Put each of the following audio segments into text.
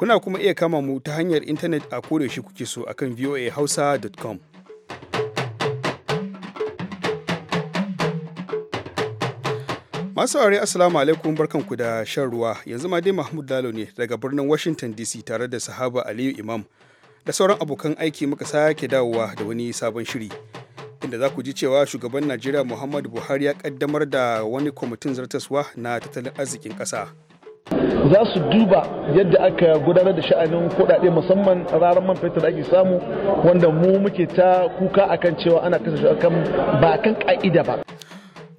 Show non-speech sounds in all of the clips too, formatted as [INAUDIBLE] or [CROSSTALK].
Kuna kuma iya kama mu ta hanyar intanet a kodayaushe kuke so a kan voahausa.com. Masu aure Assalamu alaikum barkanku da shan ruwa yanzu ma dai Mahmud Lalo ne daga birnin Washington DC tare da sahaba Aliyu Imam da sauran abokan aiki muka sake dawowa da wani sabon shiri inda za ku ji cewa shugaban Najeriya Muhammadu Buhari ya kaddamar da wani kwamitin zartaswa na tattalin arzikin ƙasa. za su duba yadda aka gudanar da sha'anin kuɗaɗe musamman ranar man fetur ake samu wanda mu muke ta kuka akan cewa ana kasashe akan ba kan ka'ida ba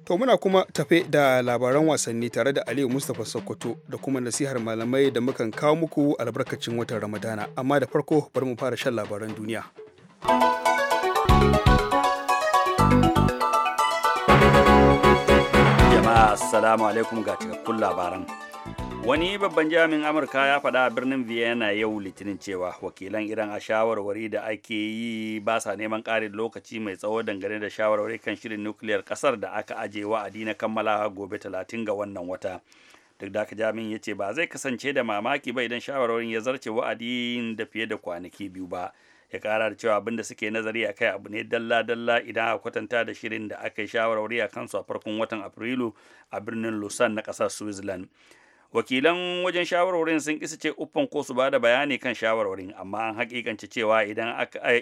to muna kuma tafe da labaran wasanni tare da aliyu mustapha sokoto da kuma nasihar malamai da mukan kawo muku albarkacin watan ramadana amma da farko bari mu fara shan labaran duniya jama'a assalamu alaikum ga cikakkun labaran wani babban jami'in amurka ya faɗa a birnin vienna yau litinin cewa wakilan iran a shawarwari da ake yi ba sa neman ƙarin lokaci mai tsawo dangane da shawarwari kan shirin nukiliyar ƙasar da aka aje wa'adi na kammala gobe talatin ga wannan wata duk da haka jami'in ya ce ba zai kasance da mamaki ba idan shawarwarin ya zarce wa'adin da fiye da kwanaki biyu ba ya kara da cewa abinda suke nazari a kai abu ne dalla-dalla idan aka kwatanta da shirin da aka yi shawarwari a kansu a farkon watan afrilu a birnin lausanne na ƙasar switzerland wakilan wajen shawarwarin sun kisa ce uffan ko su bada bayani kan shawarwarin amma an hakikance cewa idan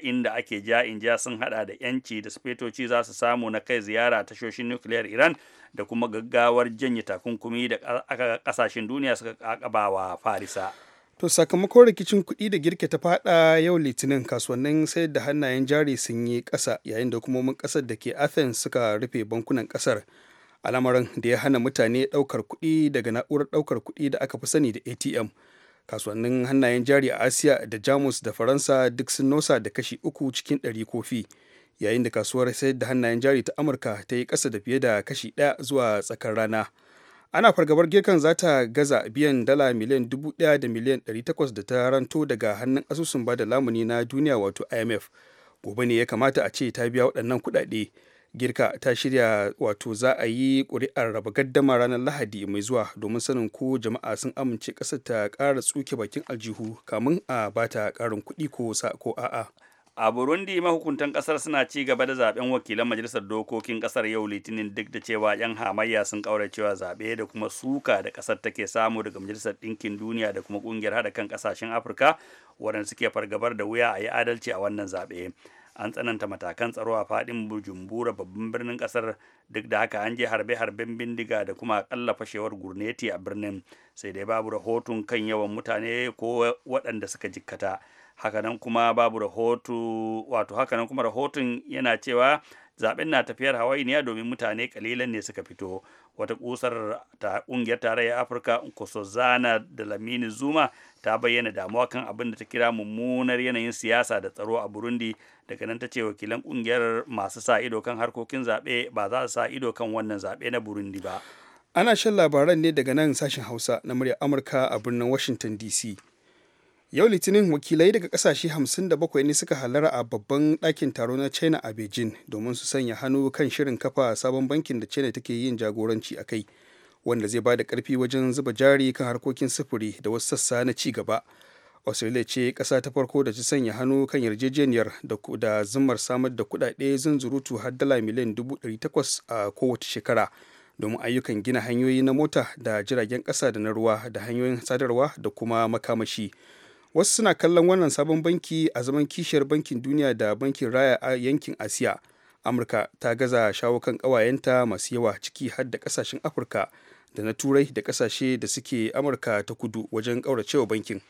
inda ake ja in ja sun hada da yanci da sufetoci za su samu na kai ziyara tashoshin nukiliyar iran da kuma gaggawar janye takunkumi da kasashen duniya suka kakabawa farisa to sakamakon rikicin kuɗi da girke ta fada yau litinin kasuwannin sayar da hannayen jari sun yi ƙasa yayin da hukumomin ƙasar da ke athens suka rufe bankunan ƙasar al'amarin da ya hana mutane ɗaukar kuɗi daga na'urar ɗaukar kuɗi da aka fi sani da atm kasuwannin hannayen jari a asiya da jamus da faransa duk sun nosa da kashi uku cikin ɗari kofi yayin da kasuwar sayar da hannayen jari ta amurka ta yi ƙasa da fiye da kashi ɗaya zuwa tsakar rana ana fargabar girkan za ta gaza biyan dala miliyan dubu ɗaya da miliyan ɗari takwas da ta ranto daga hannun asusun bada lamuni na duniya wato imf gobe ne ya kamata a ce ta biya waɗannan kuɗaɗe girka ta shirya wato za a yi ƙuri'ar raba gaddama ranar lahadi mai zuwa domin sanin ko jama'a sun amince ƙasar ta ƙara tsuke bakin aljihu kamun a bata ƙarin kuɗi ko sa ko a'a a burundi mahukuntan ƙasar suna ci gaba da zaben wakilan majalisar dokokin ƙasar yau litinin duk da cewa yan hamayya sun cewa zaɓe da kuma suka da ƙasar take samu daga majalisar ɗinkin duniya da kuma ƙungiyar haɗa kan ƙasashen afirka waɗanda suke fargabar da wuya a yi adalci a wannan zaɓe an tsananta matakan tsaro a fadin bujumbura babban birnin kasar duk da haka an je harbe-harben bindiga da kuma akalla fashewar gurneti a birnin sai dai babu rahoton kan yawan mutane ko waɗanda suka jikkata hakanan kuma babu wato hakanan kuma rahoton yana cewa zaben na tafiyar hawainiya domin mutane kalilan ne suka fito wata kusar ta kungiyar tarayyar afirka nkosazana da lamini zuma ta bayyana damuwa kan abin da ta kira mummunar yanayin siyasa da tsaro a burundi daga nan ta ce wakilan kungiyar masu sa ido kan harkokin zaɓe ba za su sa ido kan wannan zaɓe na burundi ba ana shan labaran ne daga nan sashen hausa na murya amurka a birnin washington dc yau litinin wakilai daga kasashe 57 ne suka halara a babban ɗakin taro na china a beijing domin su sanya hannu kan shirin kafa sabon bankin da china take yin jagoranci a kai wanda zai ba da ƙarfi wajen zuba jari kan harkokin sufuri da wasu sassa na ci gaba australia ce ƙasa ta farko da ta sanya hannu kan yarjejeniyar da zumar samar da kuɗaɗe zunzurutu har dala miliyan 800 a kowace shekara domin ayyukan gina hanyoyi na mota da jiragen ƙasa da na ruwa da hanyoyin sadarwa da kuma makamashi wasu suna kallon wannan sabon banki a zaman kishiyar bankin duniya da bankin raya a yankin asiya amurka ta gaza shawo kan kawayenta masu yawa ciki har da ƙasashen afirka da na turai da kasashe da suke amurka ta kudu wajen kauracewa bankin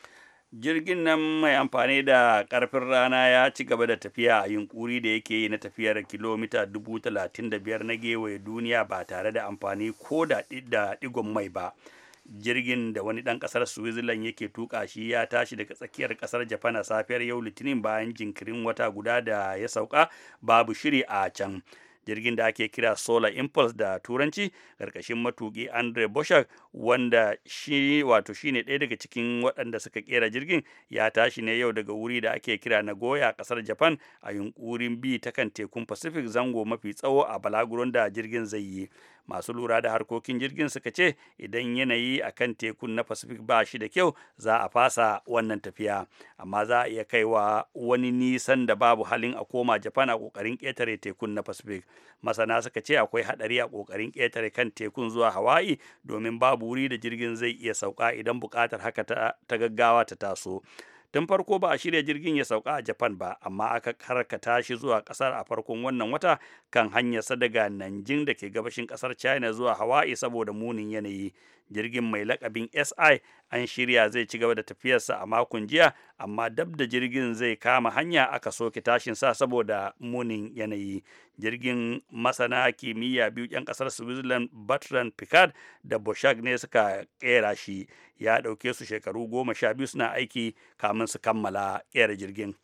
jirgin nan mai amfani da karfin rana ya ci gaba da tafiya a yunkuri da yake yi na tafiyar kilomita biyar na gewaye duniya ba tare da amfani ko da digon mai ba jirgin da wani ɗan ƙasar switzerland yake tuka shi ya tashi daga tsakiyar ƙasar japan a safiyar yau litinin bayan jinkirin wata guda da ya sauka babu shiri a can jirgin da ake kira solar impulse da turanci ƙarƙashin matuƙi andre boshak wanda shi wato shine ɗaya daga cikin waɗanda suka kera jirgin ya tashi ne yau daga wuri da ake kira Nagoya a ƙasar Japan a yunkurin bi ta kan tekun Pacific zango mafi tsawo a balaguron da jirgin zai yi. Masu lura da harkokin jirgin suka ce idan yanayi a kan tekun na Pacific ba shi da kyau za a fasa wannan tafiya. Amma za a iya wa wani nisan da babu halin a koma Japan a ƙoƙarin ƙetare tekun na Pacific. Masana suka ce akwai haɗari a ƙoƙarin ƙetare kan tekun zuwa Hawaii domin babu buri da jirgin zai iya sauka idan bukatar haka ta gaggawa ta taso tun farko ba a shirya jirgin ya sauka a japan ba amma aka karkata shi zuwa kasar a farkon wannan wata kan hanyarsa daga nanjing da ke gabashin kasar china zuwa hawaii saboda munin yanayi jirgin mai lakabin si an shirya zai ci gaba da tafiyarsa a makon jiya amma dab da jirgin zai kama hanya aka soke tashin sa saboda munin yanayi jirgin masana kimiyya biyu 'yan kasar switzerland bertrand picard da boshag ne suka kera shi ya dauke su shekaru goma sha biyu suna aiki kamin su kammala kera jirgin.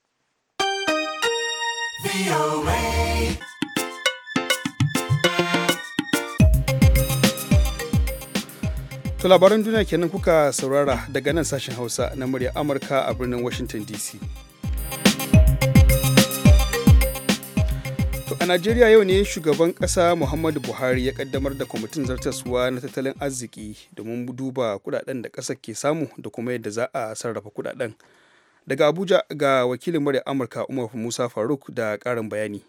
To labaran duniya kenan kuka saurara daga nan sashen Hausa na murya Amurka a birnin Washington DC. To a Najeriya yau ne shugaban ƙasa Muhammadu Buhari ya kaddamar da kwamitin zartaswa na tattalin arziki domin duba kudaden da ƙasar ke samu da kuma yadda za a sarrafa kudaden. Daga Abuja ga wakilin murya Amurka Umar Musa Faruk da ƙarin bayani.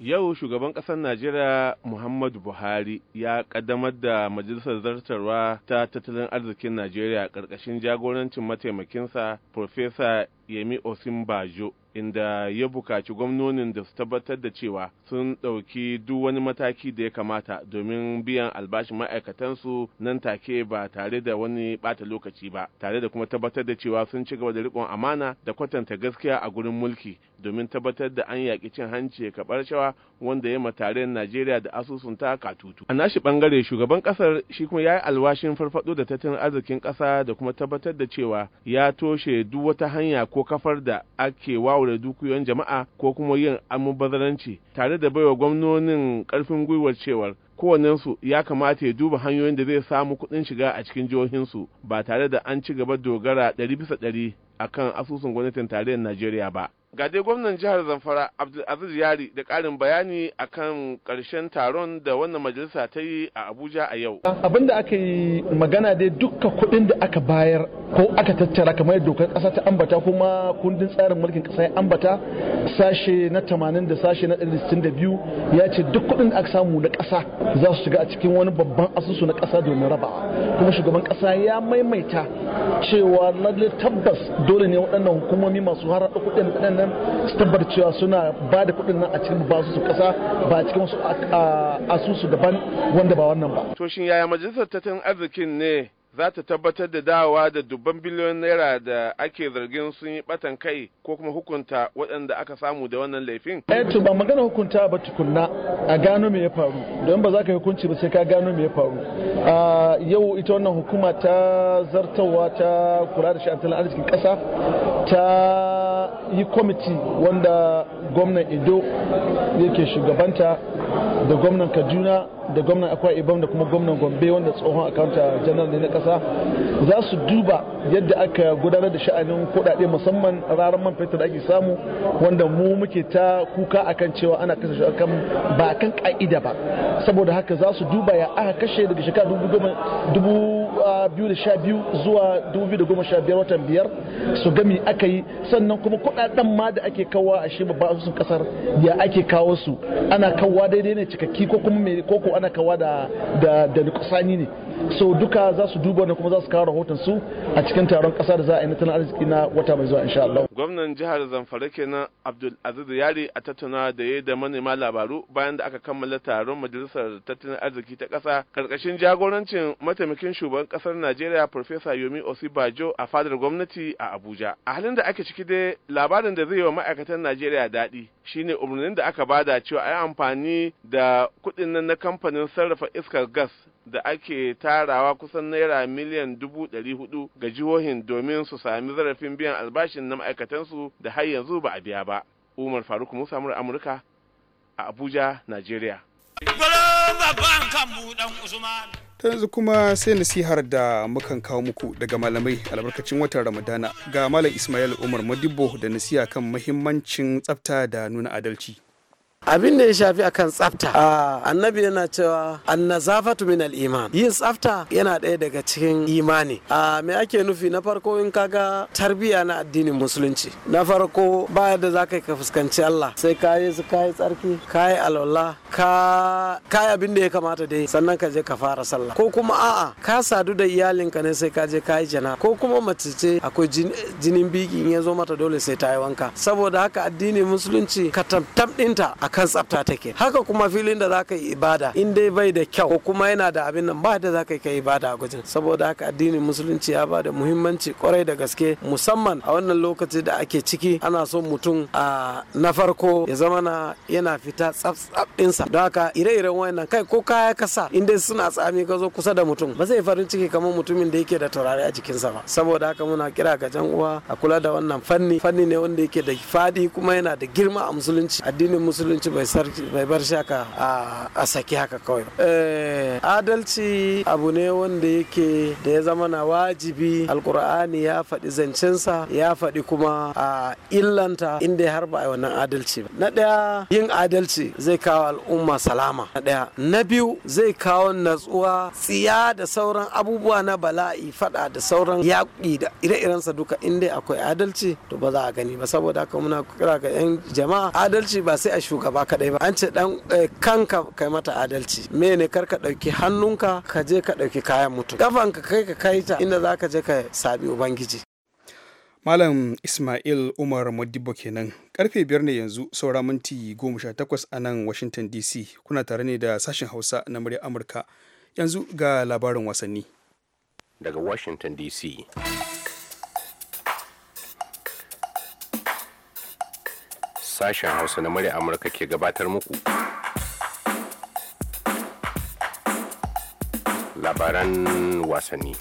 yau shugaban ƙasar najeriya muhammadu buhari ya ƙaddamar da majalisar zartarwa ta tattalin arzikin najeriya ƙarƙashin jagorancin mataimakinsa Profesa yemi osinbajo inda ya bukaci gwamnonin da su tabbatar da cewa sun ɗauki duk wani mataki da ya kamata domin biyan albashin ma'aikatansu nan take ba tare da wani ɓata lokaci ba tare da kuma tabbatar da cewa sun ci gaba da riƙon amana da kwatanta gaskiya a gurin mulki domin tabbatar da an yaƙi cin hanci kaɓar shawa wanda ya matare Najeriya da asusun ta katutu. A nashi bangare shugaban ƙasar shi kuma ya yi alwashin farfaɗo da tattalin arzikin ƙasa da kuma tabbatar da cewa ya toshe duk wata hanya ko kafar da ake wawo wawure dukiyoyin jama'a ko kuma yin almubazzaranci tare da baiwa gwamnonin karfin gwiwar cewar kowannensu ya kamata ya duba hanyoyin da zai samu kuɗin shiga a cikin jihohinsu ba tare da an ci gaba dogara ɗari bisa ɗari akan asusun gwamnatin tarayyar najeriya ba ga dai gwamnan jihar zamfara abdulaziz yari da karin bayani akan karshen taron da wannan majalisa ta yi a abuja a yau abin da aka yi magana dai dukkan kuɗin da aka bayar ko aka tattara kamar dokar ƙasa ta ambata kuma kundin tsarin mulkin ƙasa ya ambata sashe na tamanin da sashe na biyu ya ce duk kuɗin da aka samu na ƙasa za su shiga a cikin wani babban asusu na ƙasa domin rabawa kuma shugaban ƙasa ya maimaita cewa lallai tabbas dole ne waɗannan hukumomi masu harar kuɗin nan su cewa suna ba da kuɗin nan a cikin basu su kasa ba cikin wasu asusu daban wanda ba wannan ba. To yaya majalisar tattalin arzikin ne za ta tabbatar da dawowa da dubban biliyon naira da ake zargin sun yi batan kai ko kuma hukunta waɗanda aka samu da wannan laifin? Eh to ba magana hukunta ba tukunna a gano me ya faru don ba za ka hukunci ba sai ka gano me ya faru. yau ita wannan hukuma ta zartawa ta kula da sha'an tattalin arzikin ƙasa ta yi kwamiti wanda gwamnan Ido yake shugabanta da gwamnan kaduna da gwamnan akwa ibam da kuma gwamnan gombe wanda tsohon akanta janar ne na kasa za su duba yadda aka gudanar da sha'anin kudade musamman ranar man fetur ake samu wanda mu muke ta kuka akan cewa ana kashe shi akan ba kan ka'ida ba saboda haka za su duba ya aka kashe daga shekara dubu 2012 zuwa 2015 watan biyar su gami aka yi sannan kuma kudaden ma da ake kawo a shi babban asusun kasar ya ake kawo su ana kawo daidai ne cikakki ko kuma ko ana kawo da da da ne so duka za su duba wannan kuma za su kawo rahoton su a cikin taron kasa da za a yi na arziki na wata mai zuwa insha Allah gwamnan jihar Zamfara kenan Abdul Aziz Yari a tattauna da yayi da manema labaru bayan da aka kammala taron majalisar tattalin arziki ta kasa karkashin jagorancin mataimakin shugaban kasar Najeriya Professor Yomi Osibajo a fadar gwamnati a Abuja a halin da ake ciki dai labarin da zai yi wa ma'aikatan Najeriya daɗi shine umarnin da aka bada cewa a yi amfani da kuɗin nan na kamfanin sarrafa iskar gas da ake tarawa kusan naira miliyan dubu ɗari hudu ga jihohin domin su sami zarafin biyan albashin na ma'aikatansu da har yanzu ba a biya ba umar faruk musa amurka a abuja najeriya. ta yanzu kuma sai nasihar da mukan kawo muku daga malamai albarkacin watan ramadana ga malam ismail umar madibo da nasiha kan mahimmancin tsafta da nuna adalci abin da ya shafi akan tsafta ah. annabi yana cewa annazafatu min iman yin tsafta yana ɗaya daga cikin imani a ah, me ake nufi na farko in kaga tarbiya na addinin musulunci na farko baya da zaka ka fuskanci Allah sai ka yi su ka yi tsarki ka yi alwala ka yi abin da ya kamata dai sannan ka je ka fara sallah ko kuma a'a ka sadu da iyalin ka ne sai ka je ka yi jana ko kuma mace ce akwai jinin biki in ya zo mata dole sai ta yi wanka saboda haka addinin musulunci ka tamtam ɗinta a kan tsafta take haka kuma filin da zaka yi ibada in dai bai da kyau ko kuma yana da abin nan ba da zaka yi ibada a gujin saboda haka addinin musulunci ya ba da muhimmanci kwarai da gaske musamman a wannan lokaci da ake ciki ana so mutum a na farko ya zama na yana fita tsaf ɗinsa don haka ire-iren wayannan kai ko kaya kasa in dai suna tsami ka zo kusa da mutum ba zai farin ciki kamar mutumin da yake da taurari a jikinsa ba saboda haka muna kira ga jan uwa a kula da wannan fanni fanni ne wanda yake da fadi kuma yana da girma a musulunci addinin musulunci adalci bai bar shaka a saki haka kawai eh, adalci abu ne wanda yake da ya zama na wajibi alkur'ani ya faɗi zancensa ya faɗi kuma a illanta inda har ba a wannan adalci ba na ɗaya yin adalci zai kawo al'umma salama na ɗaya na biyu zai kawo natsuwa tsiya da sauran abubuwa na bala'i faɗa da sauran yaƙi da ire-irensa duka inda akwai adalci to ba za a gani ba saboda haka muna kira ga 'yan jama'a adalci ba sai a shugaba ba kaɗai ba an ce dan eh, kanka kai mata adalci me ne kar ka ɗauki hannunka ka je ka ɗauki kayan mutum kafanka kai ka kai ta inda za ka je ka sabi ubangiji Malam Ismail Umar Modibo kenan karfe biyar ne yanzu saura minti goma sha takwas a nan Washington DC kuna tare ne da sashen Hausa na murya Amurka yanzu ga labarin wasanni. Daga Washington DC. sashen hausa na murya amurka ke gabatar muku labaran wasanni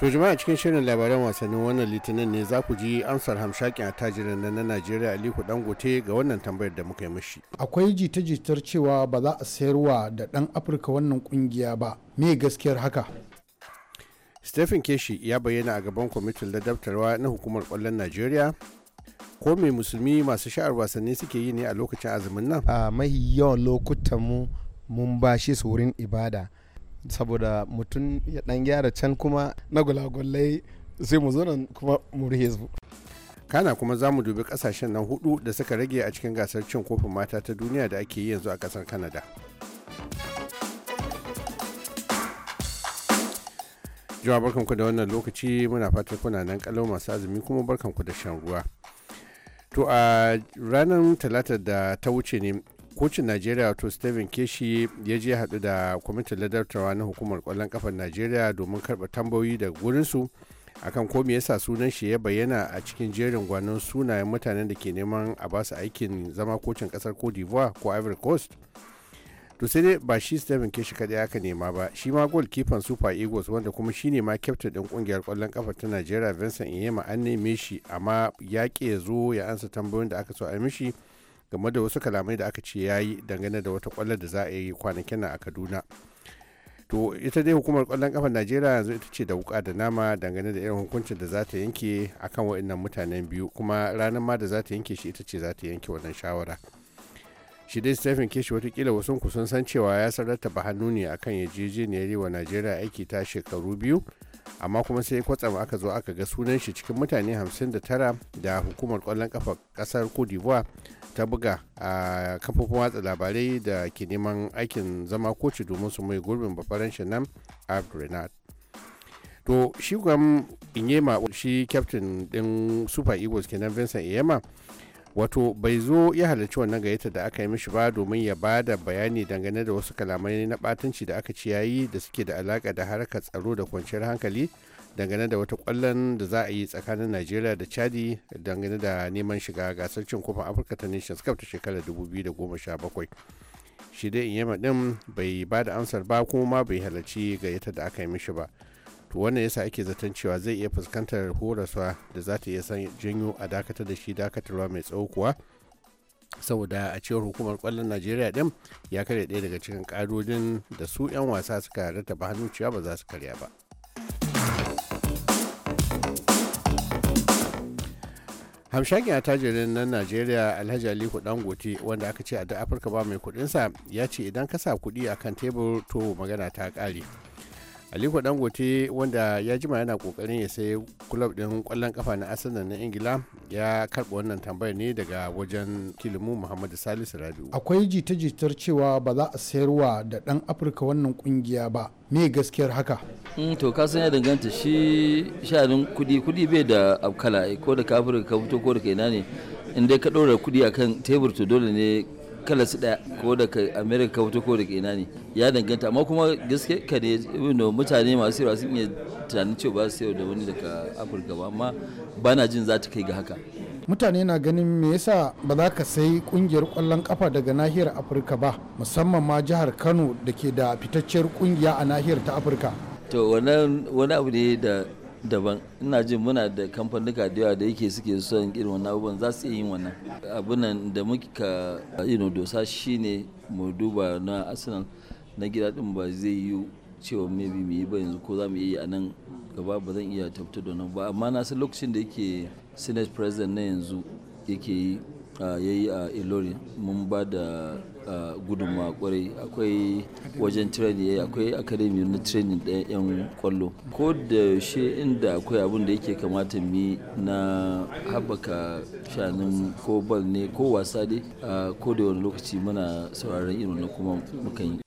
to jama'a cikin shirin labaran wasannin wannan litinin ne za ku ji amsar hamshakin attajirin na na najeriya aliku dangote ga wannan tambayar da muka yi mashi akwai jita-jitar cewa ba za a sayarwa da dan afirka wannan kungiya ba me gaskiyar haka stephen keshi ya bayyana a gaban kwamitin ladabtarwa na hukumar kwallon najeriya ko me musulmi masu sha'ar wasanni suke yi ne a lokacin azumin nan a mahi yawan lokutan mu mun bashe su wurin ibada saboda mutum ya dan gyara can kuma na gulagulai sai mu zo nan kuma mu rihe su kana kuma za mu dubi kasashen nan hudu da suka rage a cikin gasar cin kofin mata ta duniya da ake yi yanzu a kasar canada jama'a barkanku da wannan lokaci muna fatan kuna nan kalau masu azumi kuma barkanku da shan ruwa to a ranar talata da ta wuce ne kocin najeriya to steven keshi ya je haɗu da kwamitin ladartawa na hukumar kwallon kafar najeriya domin karba tambayoyi daga gurinsu akan ko me yasa sunan shi ya bayyana a cikin jerin gwanon sunayen mutanen da ke neman a basu aikin zama kocin kasar cote d'ivoire ko ivory coast to sai dai ba shi Stephen Keshi kadai aka nema ba shi ma gol kifan Super Eagles wanda kuma shi ne ma kyaftin din kungiyar kwallon kafa ta Najeriya Vincent Iyema an neme shi amma ya ke zo ya ansa tambayoyin da aka so a mishi game da wasu kalamai da aka ce ya yi dangane da wata kwallon da za a yi kwanakin nan a Kaduna. To ita dai hukumar kwallon kafa Najeriya yanzu ita ce da wuka da nama dangane da irin hukuncin da za ta yanke akan waɗannan mutanen biyu kuma ranar ma da za ta yanke shi ita ce za ta yanke wannan shawara. shi dai stephen keshi watakila wasu kusan san cewa ya ba hannu ne a akan yarjejeniyar wa najeriya aiki ta shekaru biyu amma kuma sai kwatsam aka zo aka ga sunan shi cikin mutane 59 da hukumar kwallon kafa kasar cote d'ivoire ta buga a kafofin watsa labarai da ke neman aikin zama koci domin su mai gurbin bafaranshin nan abdulrenat to shi gwam inyema shi kyaftin din super eagles kenan vincent iyema wato bai zo ya halarci wannan gayyata da aka yi mishi ba domin ya ba da bayani dangane da wasu kalamai na batanci da aka ci yayi da suke da alaka da harkar tsaro da kwanciyar hankali dangane da wata kwallon da za a yi tsakanin najeriya da chadi dangane da neman shiga gasar cin kofin afirka ta nations cup ta shekarar 2017 shi dai inyama din bai ba da amsar ba kuma ma bai halarci gayyata da aka yi mishi ba to wannan yasa ake zaton cewa zai iya fuskantar horaswa da za ta iya janyo a dakatar da shi dakatarwa mai tsawo kuwa saboda a cewar hukumar kwallon najeriya din ya karya ɗaya daga cikin ƙa'idodin da su 'yan wasa suka rattaba hannu cewa ba za su karya ba hamshakin attajirin nan najeriya alhaji aliku dangote wanda aka ce a da afirka ba mai kudinsa ya ce idan ka sa kudi akan tebur to magana ta kare aliko dangote wanda ya jima yana kokarin ya sai kulab din kwallon kafa na arsenal na ingila ya karba wannan tambayar ne daga wajen kilimu muhammadu salisu rabiu akwai jita-jitar cewa ba za a sayarwa da dan afirka wannan kungiya ba me gaskiyar haka hmm, to ka san ya danganta shi sha'anin kudi kudi bai da abkala ko da ka ka fito ko da kaina ne in dai ka ɗora kudi akan tebur to dole ne kala su daya ko daga america wato ko daga ina ne ya danganta amma kuma gaske ka ne mutane masu yawa sun iya tunanin cewa ba su da wani daga afirka ba amma ba na jin za ta kai ga haka mutane na ganin me yasa ba za ka sayi kungiyar kwallon kafa daga nahiyar afirka ba musamman ma jihar kano da ke da fitacciyar kungiya a nahiyar ta afirka to wannan wani abu ne da daban ina jin muna da kamfanuka da yawa da yake suke son irin wannan abubuwan za su iya yin wannan abunan da muka ino dosa shine mu duba na arsenal na gida din ba zai yi cewa maybe mu yi ba yanzu ko za mu iya a nan gaba ba zan iya tabbatar da nan ba amma na san lokacin da yake senate president na yanzu yake yi ya yi a ilori mun ba da gudunmawa kwarai akwai wajen training eh, akwai academy na training ɗaya yan kwallo ko da shi inda akwai abin da yake kamata mi na haɓaka shanin ko bal ne ko wasa dai ko da wani lokaci muna sauraron irin na kuma mukan yi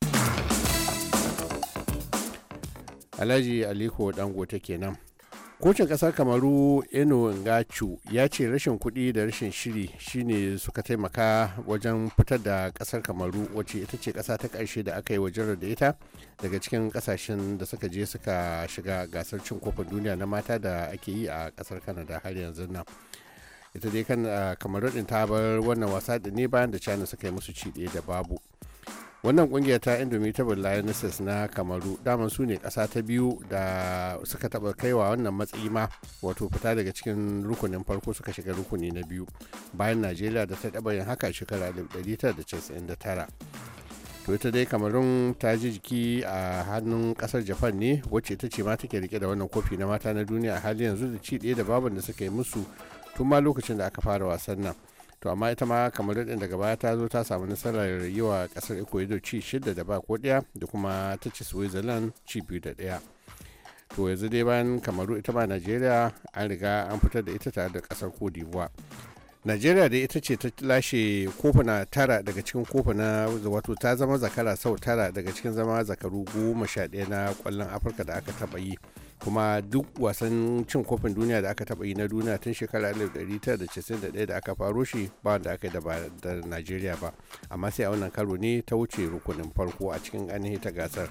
alhaji aliko dangote kenan kocin kasar kamaru eno ngachu ya ce rashin kuɗi da rashin shiri shine suka taimaka wajen fitar da kasar kamaru wacce ita ce ƙasa ta ƙarshe da aka yi wa da ita daga cikin ƙasashen da suka je suka shiga gasar cin kofin duniya na mata da ake yi a ƙasar kanada har yanzu nan ita dai kan ah, kamaru ɗin ta bar wannan wasa da ne bayan da china suka yi musu ci ɗaya da babu wannan kungiya ta indomitable lionesses na kamaru daman su ne kasa ta biyu da suka taba kaiwa wannan matsayi ma wato fita daga cikin rukunin farko suka shiga rukuni na biyu bayan najeriya da ta taba yin haka shekara tara to ita dai kamarun ta ji jiki a hannun kasar japan ne wacce ita ce ma take rike da wannan kofi na mata na duniya a hali yanzu da ci ɗaya da baban da suka yi musu tun ma lokacin da aka fara wasan nan to amma ita ma kamar daɗin daga baya ta zo ta samu nasarar yi wa ƙasar ecuador ci shida da ba ko ɗaya da kuma ta ci switzerland ci biyu da ɗaya to yanzu dai bayan kamaru ita ma najeriya an riga an fitar da ita tare da ƙasar cote d'ivoire najeriya da ita ce ta lashe kofuna tara daga cikin kofuna wato ta zama zakara sau tara daga cikin zama zakaru goma sha ɗaya na kwallon afirka da aka taɓa yi kuma duk wasan cin kofin duniya da aka taɓa yi na duniya tun shekara 1991 da aka faro shi ba wanda aka yi da najeriya ba amma sai a wannan karo ne ta wuce rukunin farko a cikin ainihin ta gasar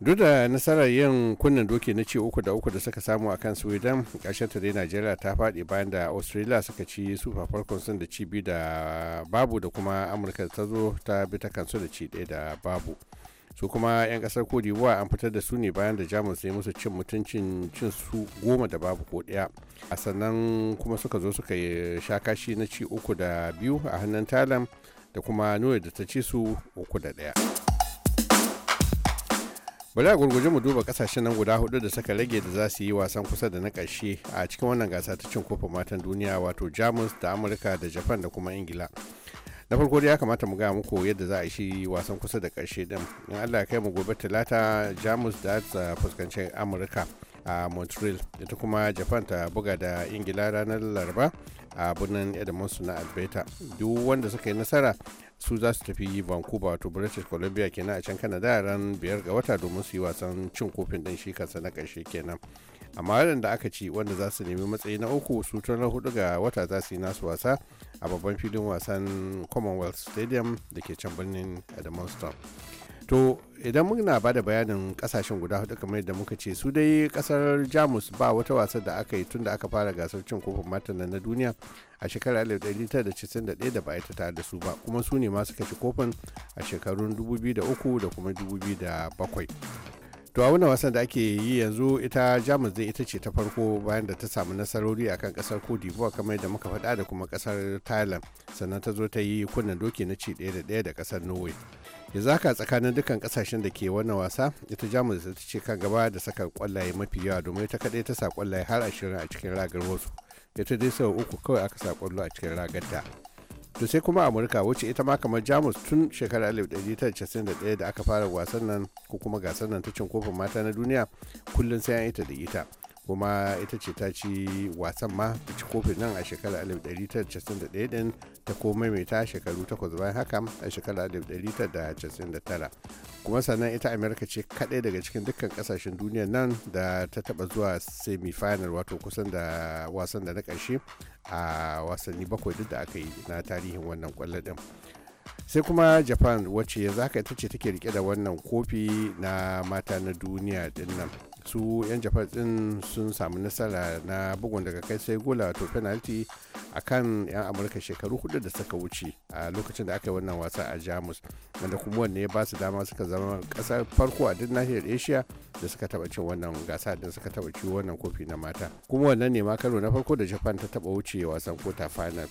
duk da nasarar yin kunnen doki na ci uku da uku da suka samu a kan sweden ƙarshen ta dai najeriya ta faɗi bayan da australia suka ci farkon sun da ci bi da babu da kuma amurka ta zo ta bi ta kansu da ci ɗaya da babu su kuma 'yan kasar kodi an fitar da su ne bayan da jamus ne musu cin mutuncin cin su goma da babu ko ɗaya a sannan kuma suka zo suka yi shakashi na ci uku da biyu a hannun talam da kuma noya da ta ci su uku da ɗaya bari a gurguje mu duba kasashen nan guda hudu da suka rage da za su yi wasan kusa da na karshe a cikin wannan gasa ta cin kofin matan duniya wato jamus da amurka da japan da kuma ingila na farko dai ya kamata mu gaya muku yadda za a shi wasan kusa da karshe din in allah a kai mu gobe talata jamus da ta fuskanci amurka a montreal ita kuma japan ta buga da ingila ranar laraba a birnin edmonton na alberta duk wanda suka yi nasara su za su tafi vancouver to british columbia kenan a can canada ran biyar ga wata domin su yi wasan cin kofin ɗin shi kansa na karshe kenan amma da aka ci wanda za su nemi matsayi na uku su na hudu ga wata za su yi nasu wasa a babban filin wasan commonwealth stadium da ke can birnin to idan muna ba da bayanin kasashen guda hudu kamar yadda muka ce su dai kasar jamus ba wata wasan da aka yi tun da aka fara gasar cin kofin matan na duniya a shekarar 1991 da ba a ta da su ba kuma su ne masu kashe kofin a shekarun 2003 da kuma 2007 to a wannan wasan da ake yi yanzu ita jamus zai ita ce ta farko bayan da ta samu nasarori akan kasar cote d'ivoire kamar yadda muka faɗa da kuma kasar thailand sannan ta zo ta yi kunnen doki na ci ɗaya da ɗaya da kasar norway ya zaka tsakanin dukkan kasashen da ke wannan wasa ita jamus ta ce kan gaba da saka kwallaye mafi yawa domin ita kadai ta sa kwallaye har ashirin a cikin ragar wasu ita dai sau uku kawai aka sa kwallo a cikin ragar ta to sai kuma amurka wacce ita ma kamar jamus tun shekarar 1991 da aka fara wasan nan ko kuma gasar nan ta cin kofin mata na duniya kullum sai an ita da ita kuma ita ce ta ci wasan ma ci kofin nan a shekarar 1991 din ta komai mai ta shekaru takwas bayan haka a shekarar 1999 kuma sannan ita amerika ce kadai daga cikin dukkan kasashen duniya nan da ta taba zuwa semi wato kusan da wasan da na karshe a wasanni bakwai duk da aka yi na tarihin wannan kwallo din sai kuma japan wacce yanzu haka ita ce take rike da wannan kofi na mata na duniya din su 'yan japan din sun samu nasara na bugun daga kai sai gola to penalty a kan 'yan amurka shekaru hudu da suka wuce a lokacin da aka yi wannan wasa a jamus wanda kuma wanne ya ba su dama suka zama kasar farko a duk nahiyar asia da suka taba cin wannan gasa din suka taba ci wannan kofi na mata kuma wannan ne ma karo na farko da japan ta taba wuce wasan kota final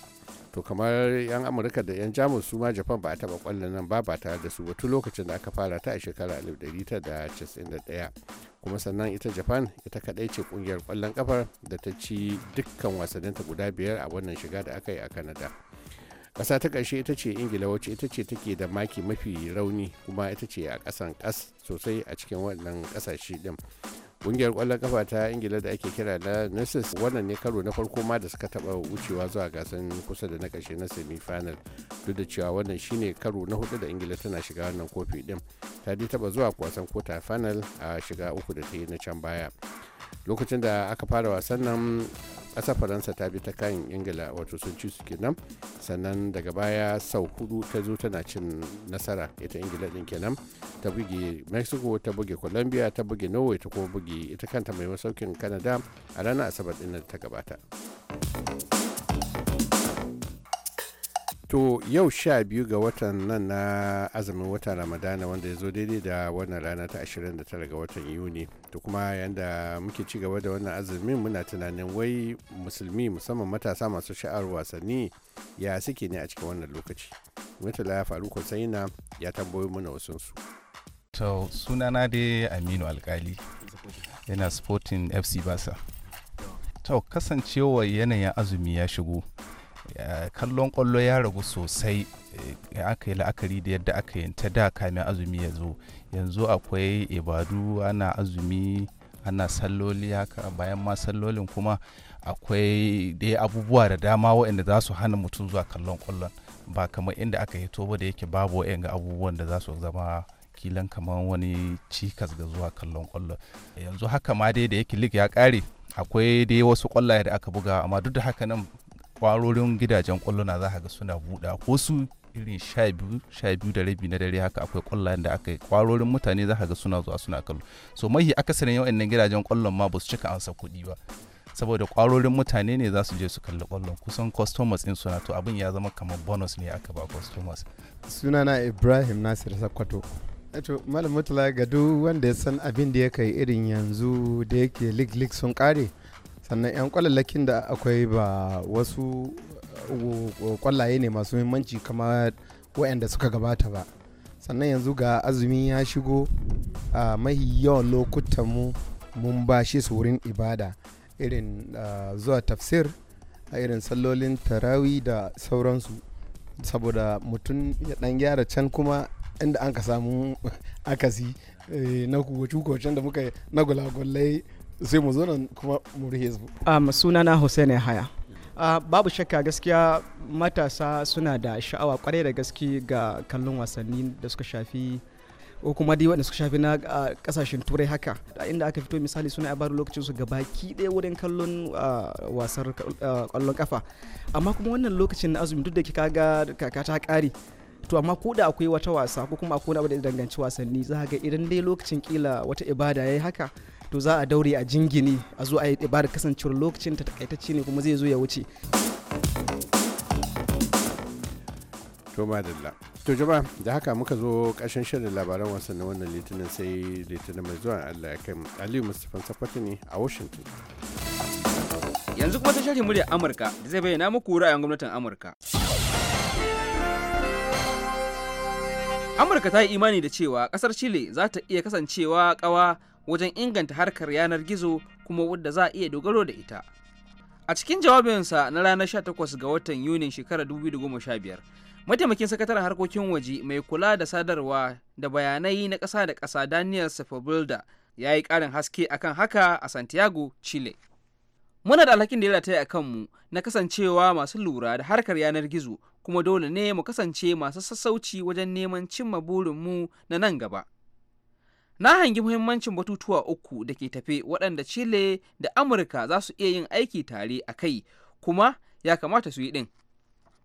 to kamar yan amurka da yan jamus su ma japan ba a taba kwallon nan ba ba tare da su ba tun lokacin da aka fara ta a shekara 1991 kuma sannan ita japan ita kadai ce kungiyar kwallon kafar da ta ci dukkan wasanninta guda biyar a wannan shiga da aka yi a kanada ƙasa ta ƙarshe ita ce ingila wacce ita ce take da maki mafi rauni kuma ita ce a ƙasan ƙas sosai a cikin waɗannan ƙasashe ɗin ƙungiyar kwallon kafa ta ingila da ake kira na nurses wannan ne karo na farko ma da suka taba wucewa zuwa gasan kusa da na karshe na semi-final duk da cewa wannan shine karo na hudu da ingila tana shiga wannan kofi ɗin ta dai taba zuwa wasan kota final a shiga uku da ta yi na can baya lokacin da aka fara wasan nan ƙasar faransa ta bi ta kayan ingila wato sun ci su kenan sannan daga baya sau hudu ta zo tana cin nasara ita ingila din kenan ta buge mexico ta buge colombia ta buge norway ta kuma buge ita kanta mai masaukin canada a ranar asabar din ta gabata to yau sha biyu ga watan nan na azumin watan ramadana wanda ya zo daidai da wannan rana ta 29 ga watan yuni da kuma yadda muke ci gaba da wannan azumin muna tunanin wai musulmi musamman matasa masu sha'ar wasanni ya suke ne a cikin wannan lokaci mutala ya faru kusaina ya tambayi mana wasunsu to sunana dai aminu alkali yana sporting fc basa to kasancewa yanayin azumi ya shigo eh, kallon kwallo ya ragu sosai Eh, aka yi la'akari da yadda aka yi ta da kamin azumi ya zo yanzu akwai ibadu ana azumi ana salloli haka bayan ma sallolin kuma akwai dai abubuwa da dama waɗanda za su hana mutum zuwa kallon kwallon ba kamar inda aka hito ba da yake babu waɗanda abubuwan da za su zama kilan kamar wani cikas ga zuwa kallon kwallon yanzu haka ma dai da yake lig ya ƙare akwai dai wasu kwallaye da aka buga amma duk da haka nan kwarorin gidajen kwallo na za ga suna buɗa ko su irin sha biyu sha biyu da rabi na dare haka akwai kwallayen da aka yi kwarorin mutane za ka ga suna zuwa suna kallo so mahi akasarin yawan gidajen kwallon ma ba su cika ansa kuɗi ba saboda kwarorin mutane ne za su je su kalli kwallon kusan customers in suna to abin ya zama kamar bonus ne aka ba customers Suna na ibrahim nasir sakwato to malam mutala ga duk wanda ya san abin da ya kai irin yanzu da yake lig lig sun kare sannan yan kwallallakin da akwai ba wasu kwallaye ne masu muhimmanci kamar wayanda suka gabata ba sannan yanzu ga azumi ya shigo a mahi yawan lokutan mu mun shi su wurin ibada irin zuwa tafsir a irin sallolin tarawi da sauransu saboda mutum ya dan gyara can kuma inda an ka samu [LAUGHS] akasi eh, na kuwace da muka na gulagulai sai mu zo nan kuma mu rihe su. sunana ya Haya. Uh, babu shakka gaskiya matasa suna da sha'awa kwarai da gaske ga kallon wasanni da suka shafi ko kuma dai waɗanda suka shafi na kasashen ah, turai haka inda aka fito misali suna ya lokacin su gabaki ɗaya wurin kallon ah, wasar kallon kafa amma kuma wannan lokacin na azumi duk da kaga kaka ta kare to amma ko da akwai wata wasa ko kuma akwai wani abu da danganci wasanni za ga idan dai lokacin kila wata ibada yayi haka to za a daure a jingini a zo a yi da kasancewar lokacin ta takaitacce ne kuma zai zo ya wuce to madalla to jama da haka muka zo ƙarshen shirin labaran wasanni wannan litinin sai litinin mai zuwa allah ya kai aliyu mustapha sakwata ne a washington yanzu kuma ta shirin murya amurka da zai bayyana muku ra'ayin gwamnatin amurka amurka ta yi imani da cewa kasar chile za ta iya kasancewa kawa wajen inganta harkar yanar gizo kuma wadda za a iya dogaro da ita. A cikin jawabinsa na ranar 18 ga watan Yunin shekarar 2015, mataimakin sakataren harkokin waje mai kula da sadarwa da bayanai na ƙasa da ƙasa Daniel Sepulveda ya yi ƙarin haske akan haka a Santiago, Chile. Muna da alhakin da ya rataya a kanmu na kasancewa masu lura da harkar yanar gizo kuma dole ne mu kasance masu sassauci wajen neman cimma burinmu na nan gaba. na hangi muhimmancin batutuwa uku da ke tafe waɗanda chile da amurka za su iya yin aiki tare a kai kuma ya kamata su yi ɗin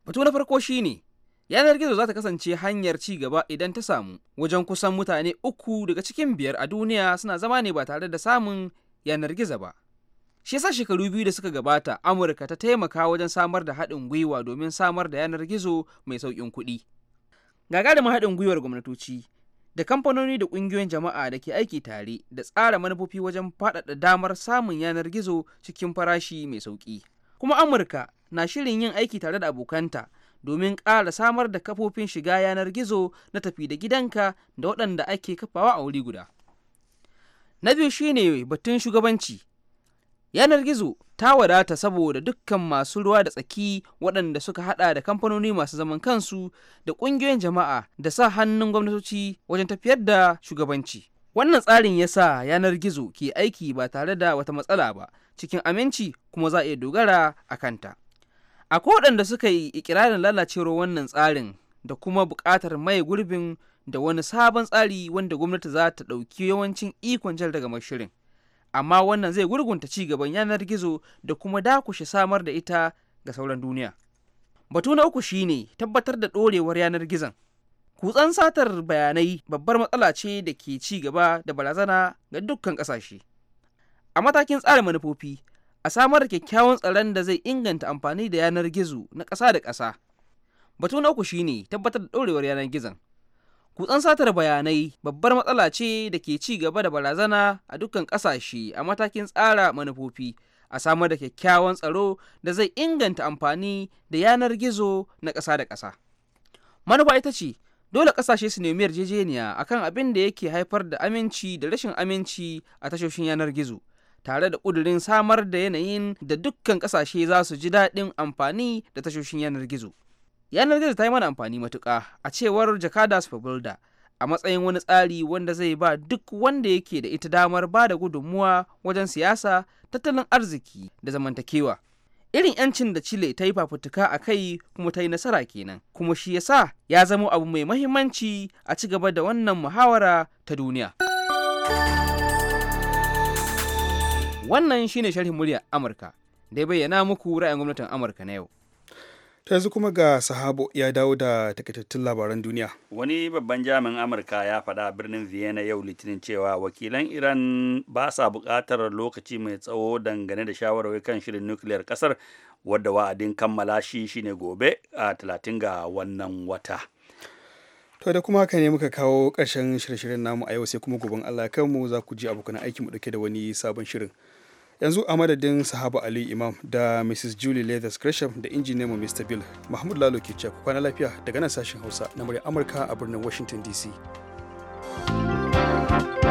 batu na farko shi ne yanar gizo za ta kasance hanyar ci gaba idan ta samu wajen kusan mutane uku daga cikin biyar a duniya suna zama ne ba tare da samun yanar gizo ba shi yasa shekaru biyu da suka gabata amurka ta taimaka wajen samar da haɗin gwiwa domin samar da yanar gizo mai sauƙin kuɗi gagarumin haɗin gwiwar gwamnatoci da kamfanoni da ƙungiyoyin jama'a da ke aiki tare da tsara manufofi wajen faɗaɗa damar samun yanar gizo cikin farashi mai sauƙi. Kuma Amurka na shirin yin aiki tare da abokanta domin ƙara samar da kafofin shiga yanar gizo na tafi da gidanka da waɗanda ake kafawa a wuri guda. Na biyu shine batun shugabanci. Yanar gizo ta wadata saboda dukkan masu ruwa da tsaki waɗanda suka hada da kamfanoni masu zaman kansu da ƙungiyoyin jama'a da sa hannun gwamnatoci wajen tafiyar da shugabanci. Wannan tsarin ya sa yanar gizo ke aiki ba tare da wata matsala ba cikin aminci kuma za a iya dogara a kanta. Akwai waɗanda suka yi ikirarin lalacewar wannan tsarin da kuma buƙatar maye gurbin da wani sabon tsari wanda gwamnati za ta ɗauki yawancin ikon jar daga mashirin. amma wannan zai gurgunta ci gaban yanar gizo da kuma dakushe samar da ita ga sauran duniya batu na uku shine tabbatar da ɗorewar yanar gizon kutsan satar bayanai babbar matsala ce da ke ci gaba da barazana ga dukkan ƙasashe a matakin tsarin manufofi a samar da kyakkyawan tsaron da zai inganta amfani da yanar gizo na ƙasa da ƙasa batu na uku ne tabbatar da ɗorewar yanar gizon kutsan satar bayanai babbar matsala ce da ke ci gaba da barazana a dukkan ƙasashe a matakin tsara manufofi a samar da kyakkyawan tsaro da zai inganta amfani da yanar gizo na ƙasa da ƙasa. Manufa ita ce, dole ƙasashe su nemi yarjejeniya akan abin da yake haifar da aminci da rashin aminci a tashoshin yanar gizo, tare da ƙudurin samar da yanayin da dukkan ƙasashe za su ji daɗin amfani da tashoshin yanar gizo. yanar gizo ta yi mana amfani matuƙa a cewar jakada spabilda a matsayin wani tsari wanda zai ba duk wanda yake da ita damar ba da gudunmuwa wajen siyasa tattalin arziki da zamantakewa irin yancin da chile ta yi fafutuka a kai kuma ta yi nasara kenan kuma shi yasa ya zama abu mai mahimmanci a ci gaba da wannan muhawara ta duniya wannan shine sharhin murya amurka da bayyana muku ra'ayin gwamnatin amurka na yau ta yanzu kuma ga sahabo ya dawo da takaitattun labaran duniya wani babban jami'in amurka ya faɗa birnin vienna yau litinin cewa wakilan iran ba sa buƙatar lokaci mai tsawo dangane da shawarwari kan shirin nukiliyar ƙasar wadda wa'adin kammala shi shine gobe a 30 ga wannan wata to da kuma haka ne muka kawo ƙarshen shirye-shiryen namu a yau sai kuma gobe allah kanmu za ku ji abokan mu ɗauke da wani sabon shirin yanzu a madadin sahaba ali imam da mrs julie leathers gresham da injiniyanmu mr bill mahmud lalo ke cewa kwana lafiya daga nan sashen hausa na murya amurka a birnin washington dc thank you